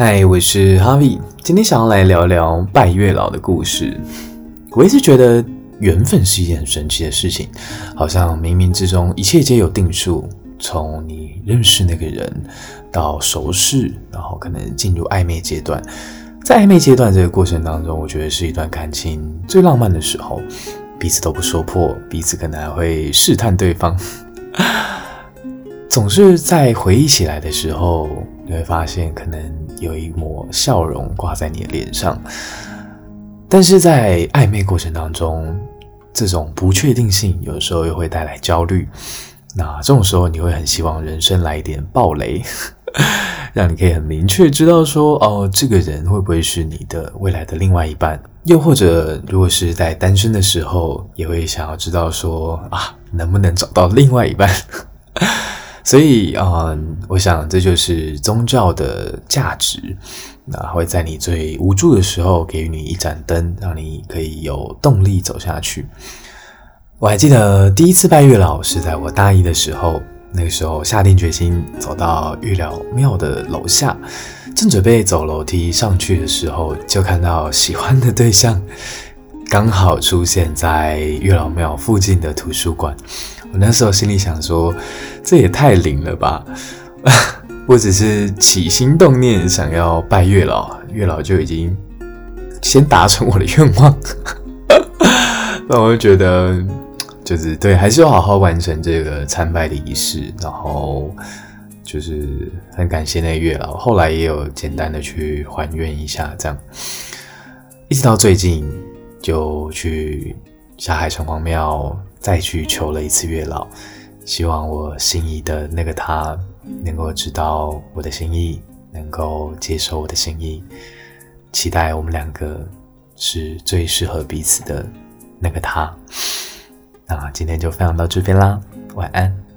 嗨，我是 Harvie，今天想要來聊聊拜月老的故事。我一直覺得緣分是一件很神奇的事情，好像冥冥之中一切皆有定數。從你認識那個人，到熟識，然後可能進入曖昧階段，在曖昧階段這個過程當中，我覺得是一段感情最浪漫的時候，彼此都不說破，彼此可能還會試探對方。 總是在回憶起來的時候，你會發現可能有一抹笑容掛在你的臉上，但是在曖昧過程當中，這種不確定性有時候又會帶來焦慮。那這種時候，你會很希望人生來一點爆雷，讓你可以很明確知道說，哦，這個人會不會是你的未來的另外一半？又或者，如果是在單身的時候，也會想要知道說，啊，能不能找到另外一半？所以啊，嗯，我想這就是宗教的價值，那會在你最無助的時候，給予你一盞燈，讓你可以有動力走下去。我還記得第一次拜月老是在我大一的時候，那個時候下定決心走到月老廟的樓下，正準備走樓梯上去的時候，就看到喜歡的對象剛好出現在月老廟附近的圖書館。我那時候心裡想說，這也太靈了吧！我 只是起心動念想要拜月老，月老就已經先達成我的願望。 那我就覺得，就是對，還是要好好完成這個參拜的儀式。然後就是很感謝那個月老，後來也有簡單的去還願一下，這樣一直到最近就去。下海城隍廟，再去求了一次月老，希望我心儀的那個他能夠知道我的心意，能夠接受我的心意，期待我們兩個是最適合彼此的那個他。那今天就分享到這邊啦，晚安。